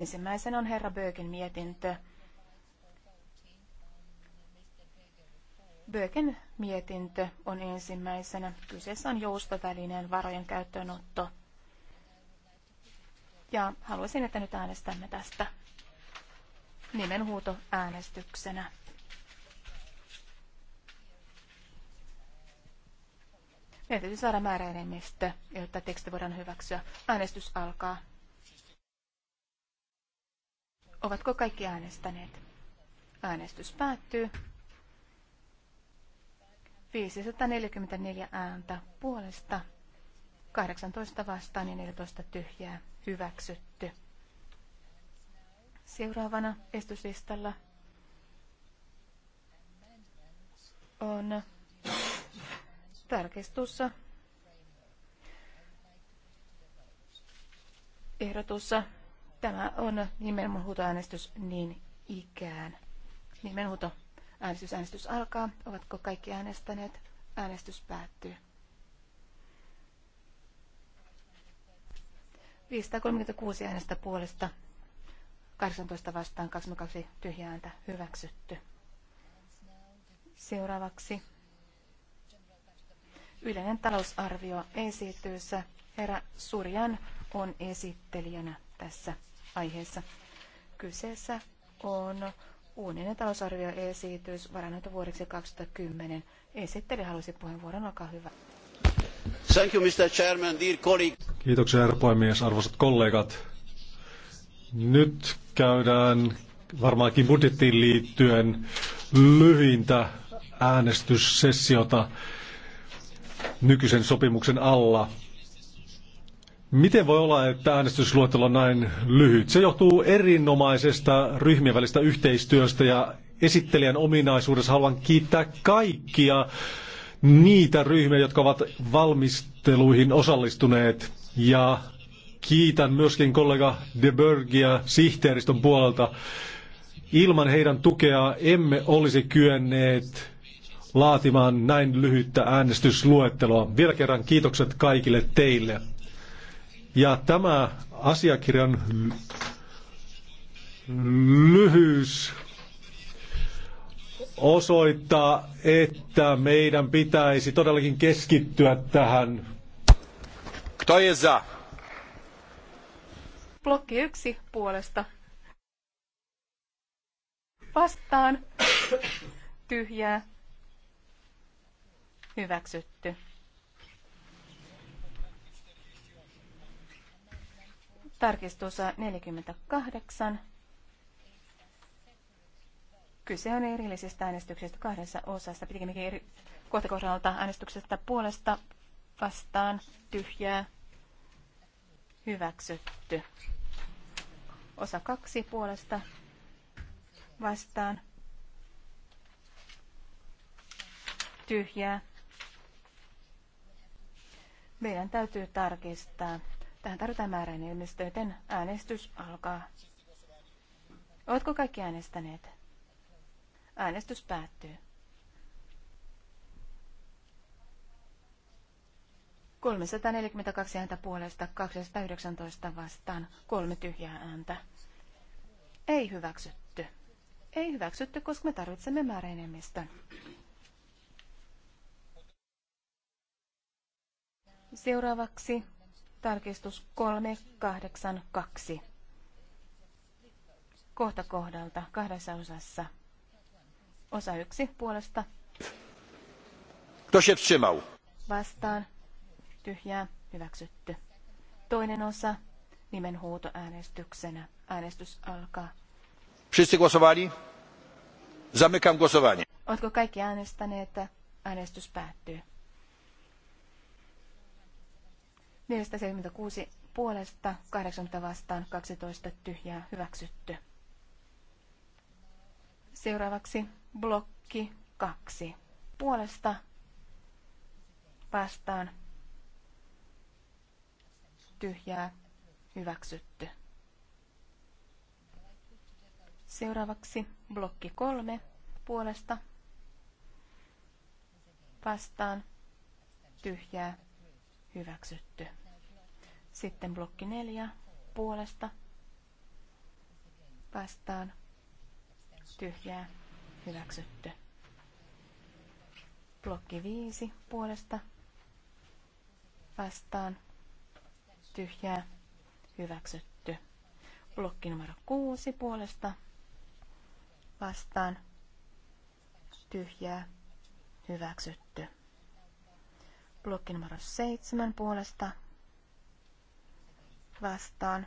Ensimmäisen on herra Bögen mietintö. Bögen mietintö on ensimmäisenä. Kyseessä on joustovälineen varojen käyttöönotto. Ja haluaisin, että nyt äänestämme tästä nimenhuuto äänestyksenä. Meidän täytyy saada määräenemmistö, jotta teksti voidaan hyväksyä. Äänestys alkaa. Ovatko kaikki äänestäneet? Äänestys päättyy. 544 ääntä puolesta, 18 vastaan ja 14 tyhjää hyväksytty. Seuraavana estyslistalla on tarkistussa ehdotussa Tämä on nimenhuutoäänestys niin ikään. Nimenhuuto äänestys, äänestys alkaa. Ovatko kaikki äänestäneet? Äänestys päättyy. 536 äänestä puolesta, 18 vastaan, 22 tyhjää ääntä hyväksytty. Seuraavaksi yleinen talousarvio esitys. Herra Surjan on esittelijänä tässä aiheessa. Kyseessä on uuninen talousarvioesitys varannut vuodeksi 2010. Esitteli halusi puheenvuoron, olkaa hyvä. Thank you, Mr. Chairman, dear colleagues. Kiitoksia, herra puhemies, arvoisat kollegat. Nyt käydään varmaankin budjettiin liittyen lyhintä äänestyssessiota nykyisen sopimuksen alla. Miten voi olla, että äänestysluettelo on näin lyhyt? Se johtuu erinomaisesta ryhmien välistä yhteistyöstä ja esittelijän ominaisuudessa haluan kiittää kaikkia niitä ryhmiä, jotka ovat valmisteluihin osallistuneet ja kiitän myöskin kollega De Bergia sihteeristön puolelta. Ilman heidän tukea emme olisi kyenneet laatimaan näin lyhyttä äänestysluetteloa. Vielä kerran kiitokset kaikille teille. Ja tämä asiakirjan lyhyys osoittaa, että meidän pitäisi todellakin keskittyä tähän. Kto je za? Blokki yksi puolesta. Vastaan. Tyhjää. Hyväksytty. Tarkistus 48. Kyse on erillisestä äänestyksestä kahdessa osassa. pitikin eri kohtakohdalta äänestyksestä puolesta vastaan tyhjää hyväksytty. Osa kaksi puolesta vastaan tyhjää. Meidän täytyy tarkistaa. Tähän tarvitaan määräinen ilmestö, joten äänestys alkaa. Oletko kaikki äänestäneet? Äänestys päättyy. 342 ääntä puolesta, 219 vastaan, kolme tyhjää ääntä. Ei hyväksytty. Ei hyväksytty, koska me tarvitsemme määräenemmistön. Seuraavaksi Tarkistus 382. Kohta kohdalta kahdessa osassa. Osa yksi puolesta. Kto się wstrzymał? Vastaan. Tyhjää. Hyväksytty. Toinen osa äänestyksenä Äänestys alkaa. Wszyscy głosowali? Zamykam głosowanie. Oletko kaikki äänestäneet? Äänestys päättyy. 476 puolesta, 80 vastaan, 12 tyhjää hyväksytty. Seuraavaksi blokki 2. Puolesta vastaan tyhjää hyväksytty. Seuraavaksi blokki 3. Puolesta vastaan tyhjää hyväksytty. Sitten blokki neljä puolesta vastaan tyhjää hyväksytty. Blokki viisi puolesta vastaan tyhjää hyväksytty. Blokki numero kuusi puolesta vastaan tyhjää hyväksytty. Blokki numero 7 puolesta vastaan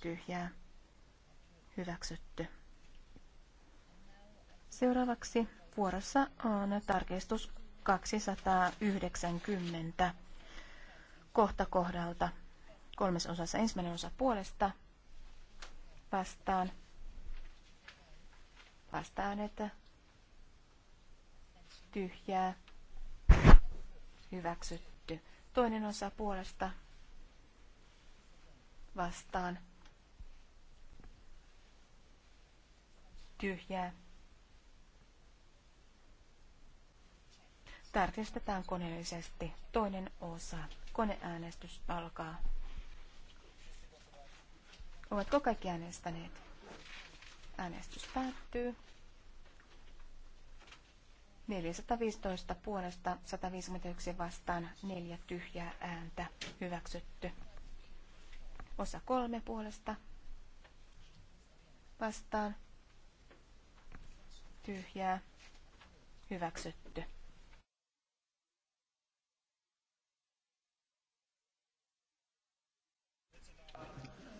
tyhjää hyväksytty. Seuraavaksi vuorossa on tarkistus 290 kohta kohdalta. Kolmes osassa ensimmäinen osa puolesta vastaan. Vastaan, että tyhjää hyväksytty. Toinen osa puolesta vastaan tyhjää. Tarkistetaan koneellisesti. Toinen osa. Koneäänestys alkaa. Ovatko kaikki äänestäneet? Äänestys päättyy. 415 puolesta 151 vastaan neljä tyhjää ääntä hyväksytty. Osa kolme puolesta vastaan tyhjää hyväksytty.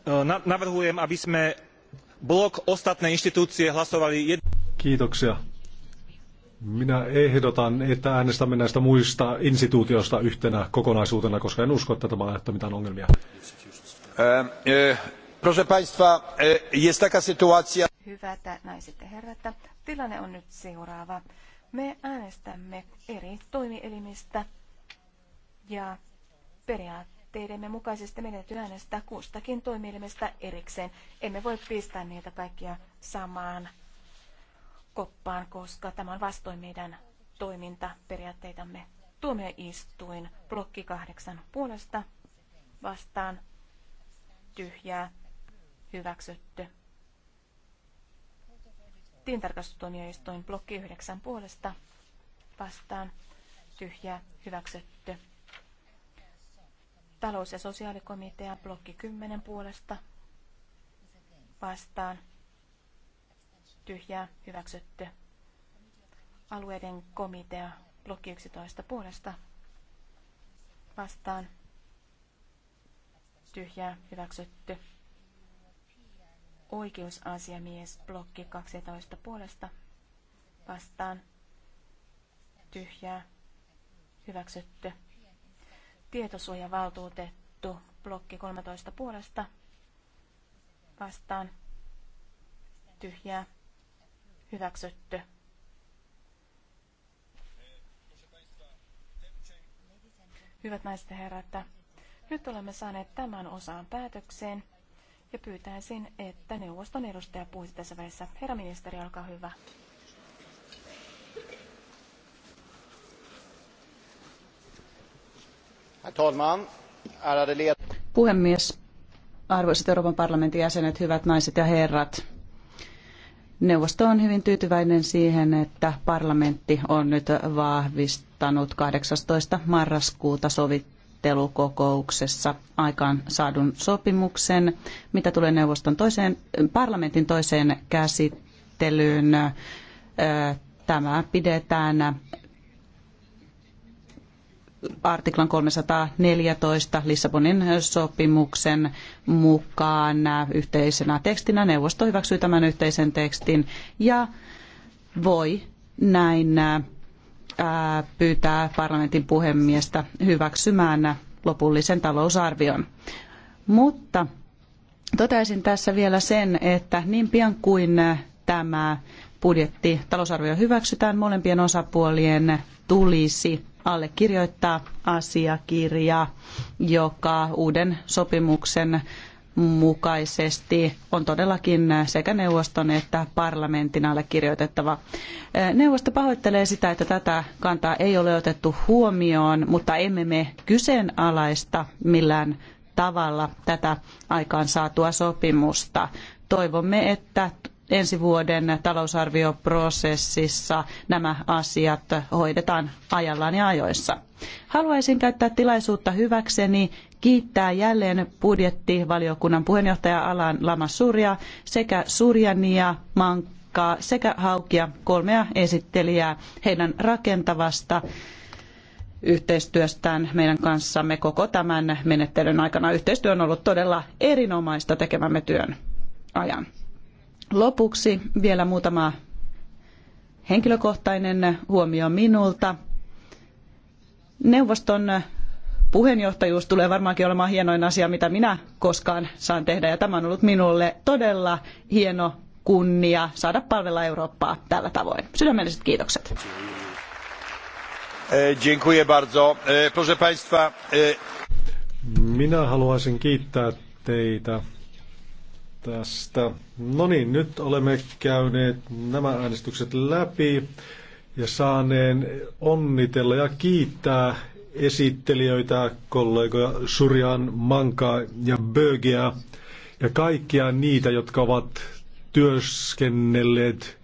No, navrhujem, aby sme blok ostatné inštitúcie hlasovali jed... Kiitoksia minä ehdotan, että äänestämme näistä muista instituutioista yhtenä kokonaisuutena, koska en usko, että tämä aiheuttaa mitään ongelmia. Ähm, äh, proszę Państwa, äh, Hyvät naiset ja herrat, tilanne on nyt seuraava. Me äänestämme eri toimielimistä ja periaatteidemme mukaisesti meidän täytyy äänestää kustakin toimielimestä erikseen. Emme voi pistää niitä kaikkia samaan koppaan, koska tämä on vastoin meidän toimintaperiaatteitamme. Tuomioistuin blokki kahdeksan puolesta vastaan tyhjää hyväksytty. Tintarkastustuomioistuin blokki yhdeksän puolesta vastaan tyhjää hyväksytty. Talous- ja sosiaalikomitea blokki 10 puolesta vastaan tyhjää hyväksytty. Alueiden komitea blokki 11 puolesta vastaan tyhjää hyväksytty. Oikeusasiamies blokki 12 puolesta vastaan tyhjää hyväksytty. Tietosuojavaltuutettu blokki 13 puolesta vastaan tyhjää Hyväksytty. Hyvät naiset ja herrat, nyt olemme saaneet tämän osaan päätökseen ja pyytäisin, että neuvoston edustaja puhuisi tässä välissä. Herra ministeri, olkaa hyvä. Puhemies, arvoisat Euroopan parlamentin jäsenet, hyvät naiset ja herrat. Neuvosto on hyvin tyytyväinen siihen, että parlamentti on nyt vahvistanut 18. marraskuuta sovittelukokouksessa aikaan saadun sopimuksen, mitä tulee neuvoston toiseen, parlamentin toiseen käsittelyyn. Tämä pidetään artiklan 314 Lissabonin sopimuksen mukaan yhteisenä tekstinä. Neuvosto hyväksyy tämän yhteisen tekstin ja voi näin pyytää parlamentin puhemiestä hyväksymään lopullisen talousarvion. Mutta toteaisin tässä vielä sen, että niin pian kuin tämä budjetti, talousarvio hyväksytään, molempien osapuolien tulisi allekirjoittaa asiakirja, joka uuden sopimuksen mukaisesti on todellakin sekä neuvoston että parlamentin allekirjoitettava. Neuvosto pahoittelee sitä, että tätä kantaa ei ole otettu huomioon, mutta emme me kyseenalaista millään tavalla tätä aikaan saatua sopimusta. Toivomme, että ensi vuoden talousarvioprosessissa nämä asiat hoidetaan ajallaan ja ajoissa. Haluaisin käyttää tilaisuutta hyväkseni kiittää jälleen budjettivaliokunnan puheenjohtaja Alan Lamassuria sekä Surjania Mankkaa sekä Haukia kolmea esittelijää heidän rakentavasta yhteistyöstään meidän kanssamme koko tämän menettelyn aikana. Yhteistyö on ollut todella erinomaista tekemämme työn ajan. Lopuksi vielä muutama henkilökohtainen huomio minulta. Neuvoston puheenjohtajuus tulee varmaankin olemaan hienoin asia, mitä minä koskaan saan tehdä. Ja tämä on ollut minulle todella hieno kunnia saada palvella Eurooppaa tällä tavoin. Sydämelliset kiitokset. E, e, e, minä haluaisin kiittää teitä tästä. No niin, nyt olemme käyneet nämä äänestykset läpi ja saaneen onnitella ja kiittää esittelijöitä, kollegoja Surjan, Manka ja Bögeä ja kaikkia niitä, jotka ovat työskennelleet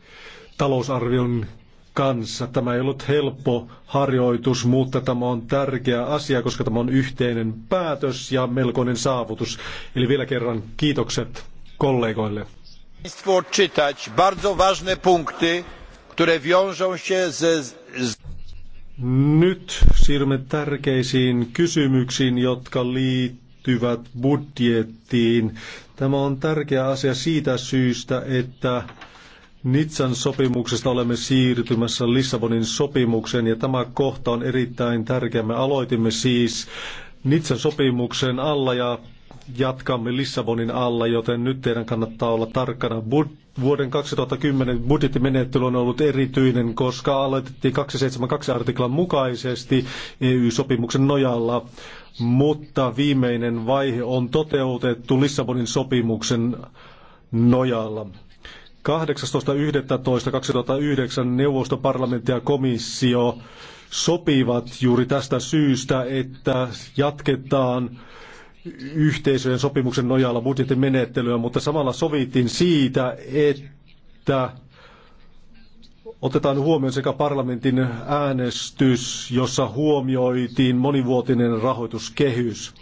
talousarvion kanssa. Tämä ei ollut helppo harjoitus, mutta tämä on tärkeä asia, koska tämä on yhteinen päätös ja melkoinen saavutus. Eli vielä kerran kiitokset kollegoille. Czytać bardzo ważne punkty, które wiążą się ze... Nyt siirrymme tärkeisiin kysymyksiin, jotka liittyvät budjettiin. Tämä on tärkeä asia siitä syystä, että Nitsan sopimuksesta olemme siirtymässä Lissabonin sopimukseen ja tämä kohta on erittäin tärkeä. Me aloitimme siis Nitsan sopimuksen alla ja jatkamme Lissabonin alla, joten nyt teidän kannattaa olla tarkkana. Bud- vuoden 2010 budjettimenettely on ollut erityinen, koska aloitettiin 272 artiklan mukaisesti EU-sopimuksen nojalla, mutta viimeinen vaihe on toteutettu Lissabonin sopimuksen nojalla. 18.11.2009 neuvosto, parlamentti ja komissio sopivat juuri tästä syystä, että jatketaan yhteisöjen sopimuksen nojalla budjettimenettelyä, mutta samalla sovittiin siitä, että otetaan huomioon sekä parlamentin äänestys, jossa huomioitiin monivuotinen rahoituskehys.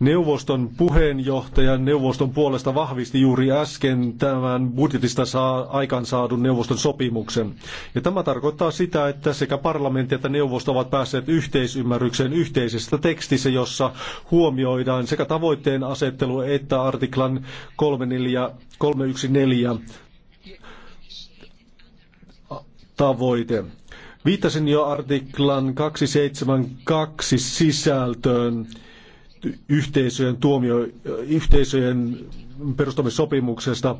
Neuvoston puheenjohtaja neuvoston puolesta vahvisti juuri äsken tämän budjetista saa, aikansaadun neuvoston sopimuksen. Ja tämä tarkoittaa sitä, että sekä parlamentti että neuvosto ovat päässeet yhteisymmärrykseen yhteisestä tekstissä, jossa huomioidaan sekä tavoitteen asettelu että artiklan 314 tavoite. Viittasin jo artiklan 272 sisältöön yhteisöjen, tuomio, yhteisöjen perustamissopimuksesta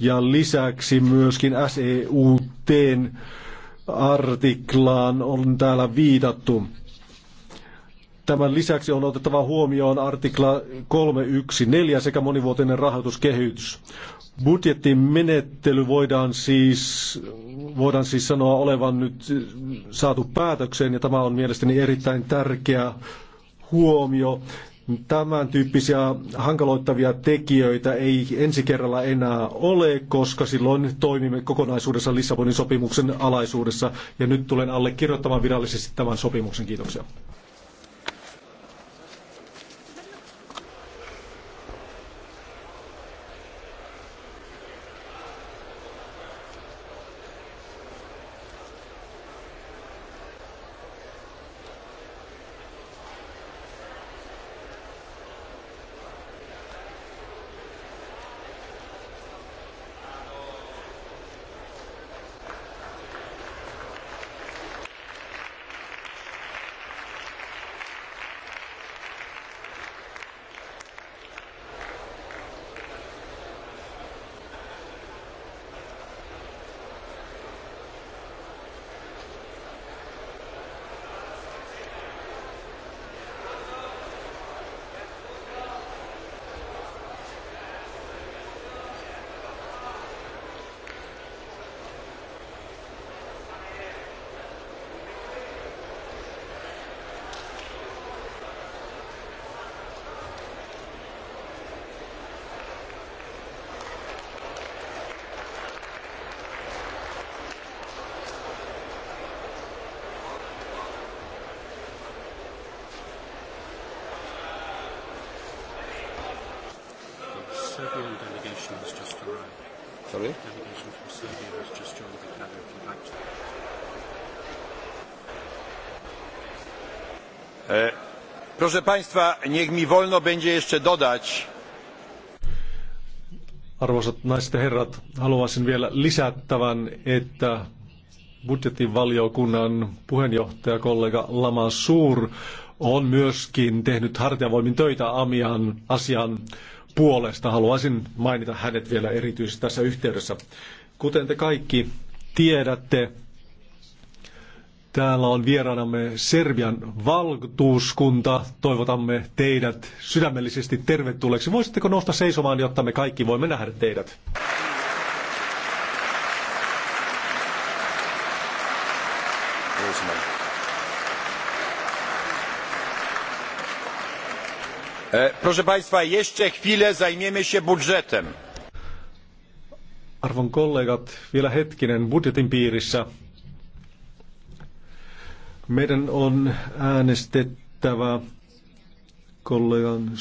ja lisäksi myöskin SEUTn artiklaan on täällä viitattu. Tämän lisäksi on otettava huomioon artikla 314 sekä monivuotinen rahoituskehitys. Budjettimenettely voidaan siis, voidaan siis sanoa olevan nyt saatu päätökseen ja tämä on mielestäni erittäin tärkeä huomio Tämän tyyppisiä hankaloittavia tekijöitä ei ensi kerralla enää ole, koska silloin toimimme kokonaisuudessa Lissabonin sopimuksen alaisuudessa. Ja nyt tulen allekirjoittamaan virallisesti tämän sopimuksen. Kiitoksia. Proszę Państwa, niech mi wolno będzie jeszcze dodać. Arvoisat naiset ja herrat, haluaisin vielä lisättävän, että budjettivaliokunnan puheenjohtaja kollega Lama Suur on myöskin tehnyt hartiavoimin töitä Amian asian puolesta. Haluaisin mainita hänet vielä erityisesti tässä yhteydessä. Kuten te kaikki tiedätte, Täällä on vieraanamme Serbian valtuuskunta. Toivotamme teidät sydämellisesti tervetulleeksi. Voisitteko nousta seisomaan, jotta me kaikki voimme nähdä teidät? E, proszę Państwa, jeszcze chwilę zajmiemy się budżetem. Arvon kollegat, vielä hetkinen budjetin piirissä. Meidän on äänestettävä kollegan